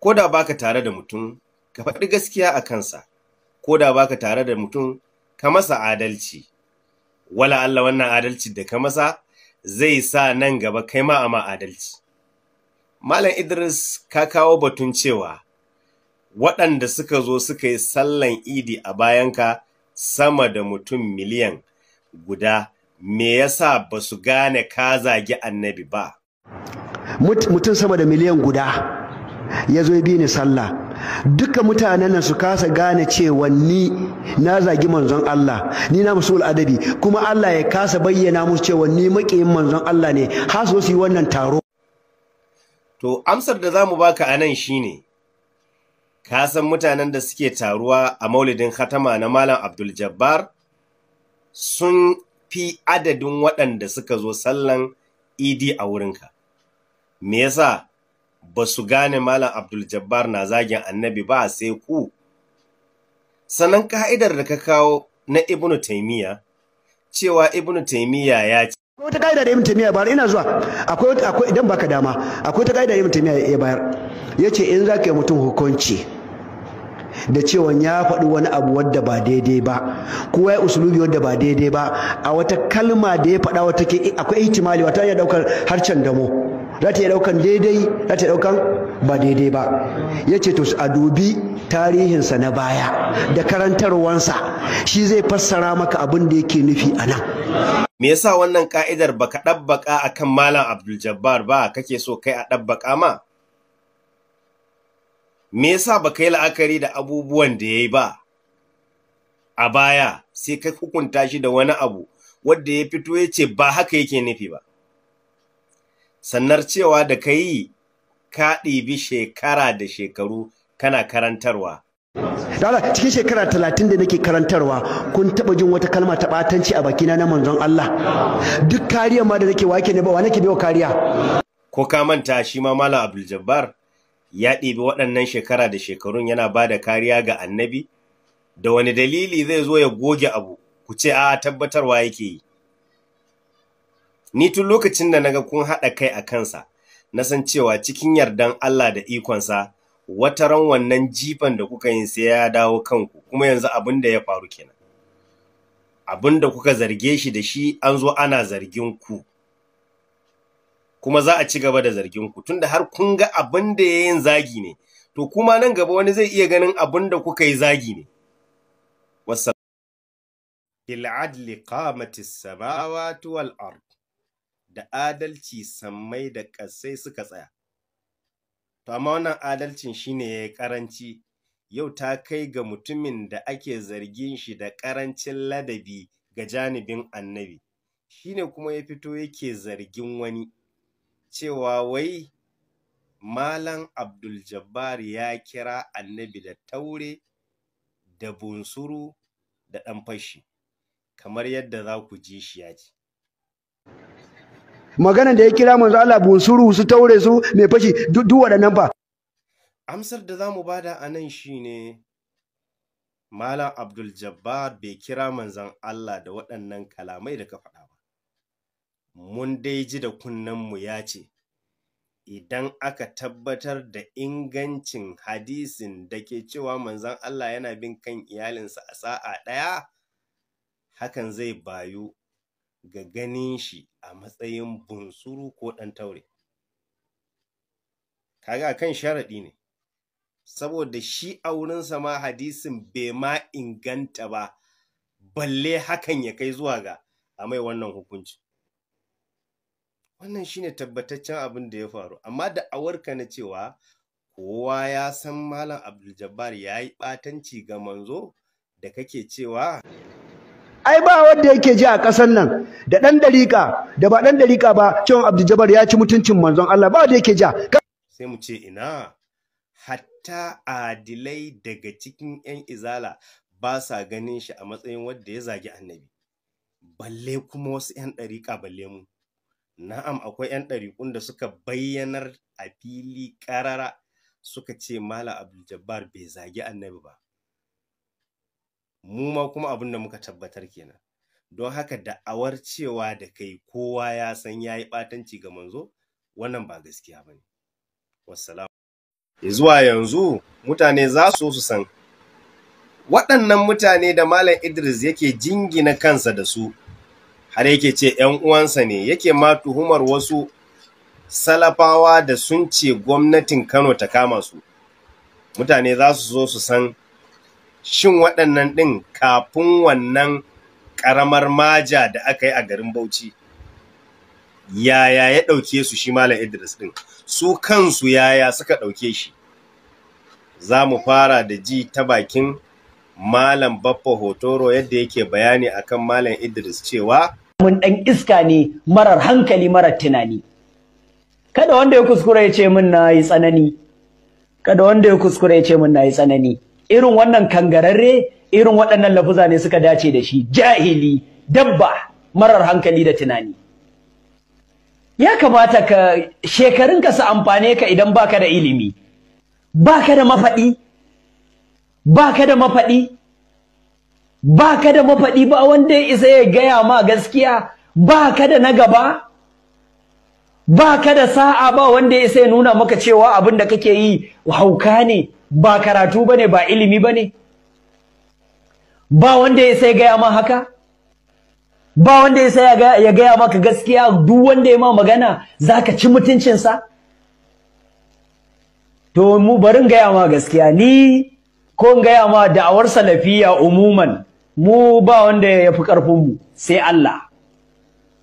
ko da baka tare da mutum ka faɗi gaskiya a kansa ko da baka tare da mutum ka masa adalci wala Allah wannan adalci da ka masa zai sa nan gaba kai ma ama adalci Malam Idris ka kawo batun cewa waɗanda suka zo suka yi sallan idi a bayanka sama da mutum miliyan guda me yasa ba su gane ka zagi annabi ba mutum sama da miliyan guda ya zo bi ni sallah duka mutanen nan su kasa gane cewa ni na zagi manzon Allah ni na musul adabi kuma Allah ya kasa bayyana musu cewa ni maƙiyin manzon Allah ne har su yi wannan taro to amsar da zamu baka anan shine ka san mutanen da suke taruwa a maulidin khatama na malam Abdul Jabbar sun fi adadin waɗanda suka zo sallan idi a wurinka me yasa ba su gane Malam Abdul Jabbar na zagin annabi ba sai ku. Sannan ka'idar da ka kawo na Ibn Taimiyya, cewa Ibn Taimiyya ya ce. Akwai wata ka'idar da Ibn Taimiyya bayar ina zuwa, akwai idan baka dama, akwai wata ka'idar da Ibn Taimiyya ya bayar. Ya ce in za ka yi mutum hukunci da cewa ya faɗi wani abu wadda ba daidai ba ko ya usulubi wadda ba daidai ba a wata kalma da ya faɗa wata ke akwai ihtimali wata ya ɗaukar harcen damo za ta yi daukan daidai za ta yi daukan ba daidai ba ya ce to a dubi tarihinsa na baya da karantarwansa shi zai fassara maka abin da yake nufi a nan me yasa wannan ka'idar baka ɗabbaka akan malam abdul jabbar ba kake so kai a ɗabbaka ma me yasa baka yi la'akari da abubuwan da yayi ba a baya sai ka hukunta shi da wani abu wanda ya fito ya ce ba haka yake nufi ba sannar cewa da ka yi ka ɗibi shekara da shekaru kana karantarwa. Dala cikin shekara talatin da nake karantarwa kun taɓa jin wata kalma ta ɓatanci a bakina na manzon Allah. Duk kariya ma da nake wake ne ba wa nake biyo kariya. Ko ka manta shi ma Malam Abdul Jabbar ya ɗibi waɗannan shekara da shekarun yana ba da kariya ga annabi? Da wani dalili zai zo ya goge abu, ku ce a tabbatarwa yake yi. Ni tun lokacin da naga kun haɗa kai a kansa, na san cewa cikin yardan Allah da ikonsa, ran wannan jifan da kuka yin sai ya dawo kanku, kuma yanzu abin da ya faru kenan. Abin da kuka zarge shi da shi an zo ana zargin ku. Kuma za a ci gaba da zargin ku, tunda har kun ga abin da ya yin zagi ne, to kuma nan gaba wani zai iya ganin abin da kuka yi zagi ne. Wasu Wassalamu. بالعدل قامت السماوات ard. da adalci sammai da ƙasai suka tsaya. To, amma wannan adalcin shi ne ya yi ƙaranci, yau ta kai ga mutumin da ake zargin shi da ƙarancin ladabi ga janibin annabi, shi ne kuma ya fito yake zargin wani, cewa wai Malam Abdul Jabbar ya kira annabi da taure, da bunsuru, da ɗan fashi, kamar yadda za ku ji shi ya ce. maganan da ya kira manzo Allah bunsuru su taure su mai fashi duk waɗannan fa amsar da zamu bada a nan shine Malam Abdul Jabbar bai kira manzon Allah da waɗannan kalamai da ka faɗa ba mun dai ji da kunnen mu ya ce idan aka tabbatar da ingancin hadisin da ke cewa manzon Allah yana bin kan iyalinsa a sa'a ɗaya hakan zai bayu ga ganin shi a matsayin bunsuru ko ɗan taure kaga kan sharaɗi ne saboda shi a wurinsa ma hadisin bai ma inganta ba balle hakan ya kai zuwa ga a mai wannan hukunci wannan shi ne tabbataccen abin da ya faru amma da awarka na cewa kowa ya san malam abdul jabbar ya yi ɓatanci ga manzo da kake cewa ai ba wanda yake ji a ƙasar nan da ɗan dariƙa da ba ɗan dariƙa ba cewa abdu jabar ya ci mutuncin manzon Allah ba wanda yake ji sai mu ce ina hatta adilai daga cikin yan izala ba sa ganin shi a matsayin wanda ya zagi annabi balle kuma wasu yan dariƙa balle mu na'am akwai yan ɗariƙun da suka bayyanar a fili ƙarara suka ce Malam abdul jabbar bai zagi annabi ba mu ma kuma abin da muka tabbatar kenan don haka da'awar cewa da kai kowa ya san ya yi ɓatanci ga manzo wannan ba gaskiya ba ne zuwa yanzu mutane za su su san waɗannan mutane da malam idris yake jingina kansa da su har yake ce ‘yan uwansa ne yake ma tuhumar wasu salafawa da sun ce gwamnatin kano ta kama su mutane za su zo su san shin waɗannan ɗin kafin wannan ƙaramar maja da aka yi a garin Bauchi. Yaya ya ɗauke su shi Malam Idris ɗin, su kansu yaya suka ɗauke shi. Za mu fara da ji ta bakin Malam Baffa Hotoro yadda yake bayani akan Malam Idris cewa. Mun ɗan iska ne marar hankali marar tunani. Kada wanda ya kuskura ce min na yi tsanani. Kada wanda ya kuskura ya ce min na yi tsanani. irin wannan kangararre irin waɗannan lafuza ne suka dace da shi jahili dabba marar hankali da tunani ya kamata ka shekarunka su amfane ka idan baka da ilimi baka da mafaɗi baka da mafaɗi baka da mafaɗi ba wanda ya isa ya gaya ma gaskiya baka da na gaba ba ka da sa'a ba wanda ya sai nuna maka cewa abin da kake yi hauka ne ba karatu bane ba ilimi bane ba wanda ya sai gaya ma haka ba wanda ya sai ya gaya maka gaskiya duk wanda ya ma magana za ka ci mutuncinsa to mu barin gaya ma gaskiya ni ko gaya ma da'awar salafiya umuman mu ba wanda ya fi ƙarfinmu sai Allah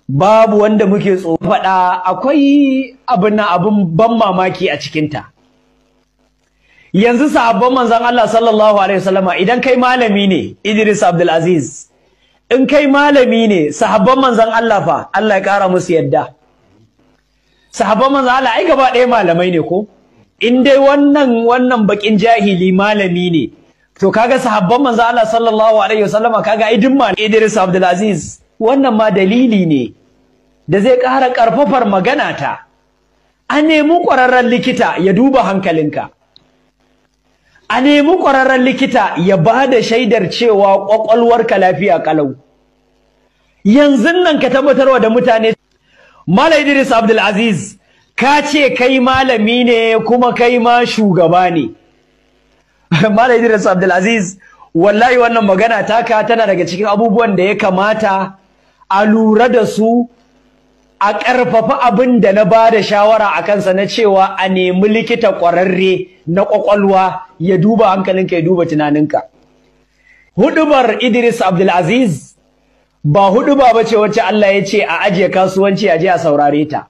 babu wanda muke tsofaɗa faɗa akwai abin na abin ban mamaki a cikinta yanzu sahabban manzon Allah sallallahu alaihi wasallama idan kai malami ne Idris Abdul Aziz in kai malami ne sahabban manzon Allah fa Allah ya kara musu yadda sahabban manzon Allah ai gaba ɗaya malamai ne ko in dai wannan wannan bakin jahili malami ne to kaga sahabban manzon Allah sallallahu alaihi wasallama kaga idin ma Idris Abdul Aziz wannan ma dalili ne da zai ƙara ƙarfafar magana ta a nemi ƙwararren likita ya duba hankalinka a nemi ƙwararren likita ya ba da shaidar cewa ƙwaƙwalwarka lafiya ƙalau yanzu nan ka tabbatarwa da mutane Malam Idris Abdulaziz ka ce kai malami ne kuma kai ma shugaba ne Malam Idris Abdulaziz wallahi wannan magana taka tana daga cikin abubuwan da ya kamata a lura da su a ƙarfafa abin da na ba da shawara a kansa na cewa a nemi likita ƙwararre na ƙwaƙwalwa ya duba hankalinka ya duba tunaninka. Hudubar Idris Abdulaziz ba huduba ba ce wacce Allah ya ce a ajiye kasuwanci a je a saurare ta.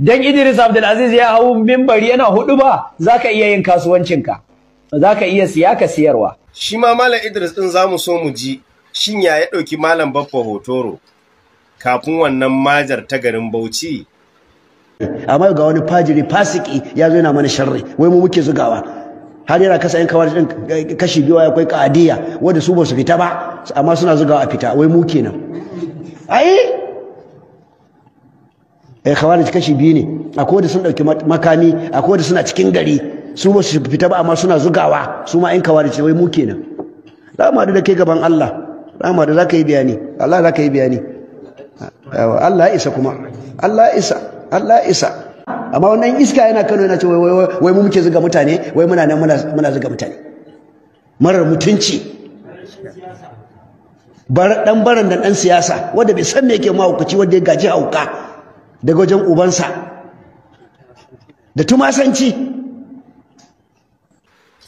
Dan Idris Abdulaziz ya hau mimbari yana huduba za ka iya yin kasuwancinka, za ka iya siya ka siyarwa. Shi ma Malam Idris ɗin za mu so mu ji shin ya ya ɗauki Malam Baffa Hotoro. kafin wannan majar ta garin Bauchi amma ga wani fajiri fasiki ya zo yana mana sharri wai mu muke zugawa har yana kasa yan kawar din eh, kashi biyu akwai kadiya wanda su ba su fita ba amma suna zugawa a fita wai mu kenan ai eh khawarij kashi biyu ne akwai wanda sun dauki makami akwai wanda suna cikin gari su ba su fita ba amma suna zugawa su ma yan khawarij wai mu kenan dama da kai gaban Allah dama da zaka yi bayani Allah zaka yi bayani Allah isa kuma Allah isa Allah isa amma wannan iska yana Kano yana ce wai mu muke zuga mutane wai muna nan muna zuga mutane marar mutunci bar dan baran da dan siyasa wanda bai san me yake hukuci wanda ya gaji hauka daga wajen ubansa da tumasanci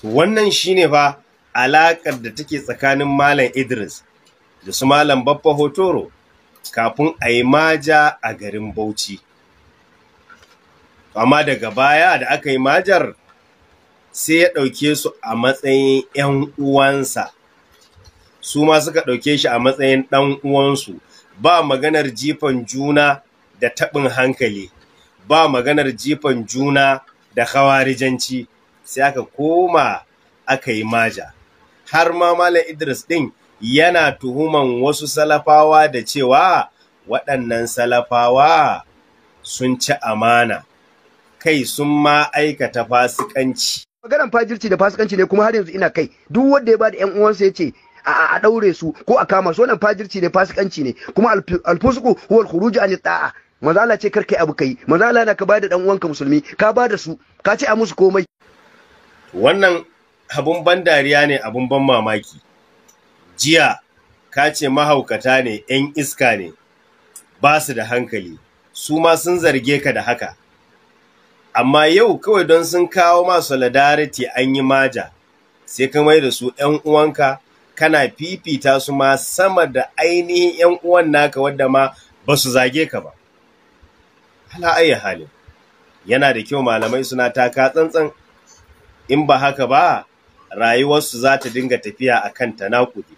wannan shine ba alakar da take tsakanin malam Idris da su malam Baffa Hotoro kafin ayi maja a garin Bauchi. Amma daga baya da aka yi majar sai ya ɗauke su a matsayin ‘yan uwansa, su ma suka ɗauke shi a matsayin ɗan uwansu, ba maganar jifan juna da taɓin hankali, ba maganar jifan juna da hawarijanci, sai aka koma aka yi maja. Har ma Malam Idris ɗin yana tuhuman wasu salafawa da cewa waɗannan salafawa sun ci amana kai sun ma aikata fasikanci maganan fajirci da fasikanci ne kuma har yanzu ina kai duk wanda ya ba da yan uwansa ya ce a ɗaure su ko a kama su wannan fajirci ne fasikanci ne kuma alfusku, huwal khuruj an ta'a mazala ce karka abu kai mazala na ka ba da dan uwanka musulmi ka ba da su ka ce a musu komai wannan abun ban dariya ne abun ban mamaki jiya ka ce mahaukata ne 'yan iska ne ba su da hankali su ma sun zarge ka da haka amma yau kawai don sun kawo ma solidarity an yi maja sai ka mai da su 'yan uwanka kana fifita su ma sama da ainihin 'yan uwan naka wadda ma ba su zage ka ba hala ayi halin yana da kyau malamai suna taka tsantsan in ba haka ba rayuwarsu za ta dinga tafiya a na tanakudi